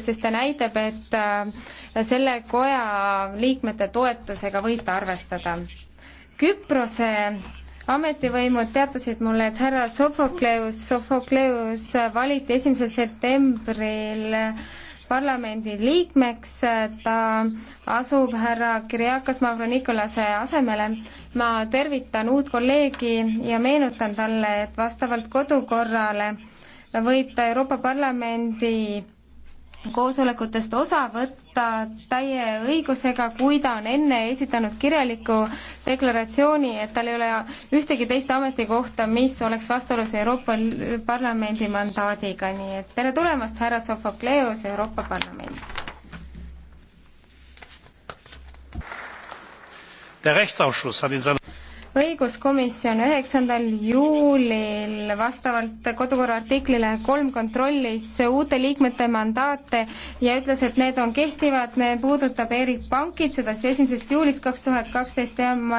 sest ta näitab, et äh, selle koja liikmete toetusega võite arvestada. Küprose ametivõimud teatasid mulle, et härra Sofokleus, Sofokleus valiti esimesel septembril parlamendi liikmeks, ta asub härra Kiriakas Mavronikolase asemele. ma tervitan uut kolleegi ja meenutan talle, et vastavalt kodukorrale võib ta Euroopa Parlamendi koosolekutest osa võtta täie õigusega, kui ta on enne esitanud kirjaliku deklaratsiooni, et tal ei ole ühtegi teist ametikohta, mis oleks vastuolus Euroopa Parlamendi mandaadiga, nii et tere tulemast, härra Sofokleos Euroopa Parlamendist. der Rechtsausschuss hat in seiner õiguskomisjon üheksandal juulil vastavalt kodukorra artiklile kolm kontrollis uute liikmete mandaate ja ütles, et need on kehtivad, need puudutab Erik Pankit, seda siis esimesest juulist kaks tuhat kaksteist ja ma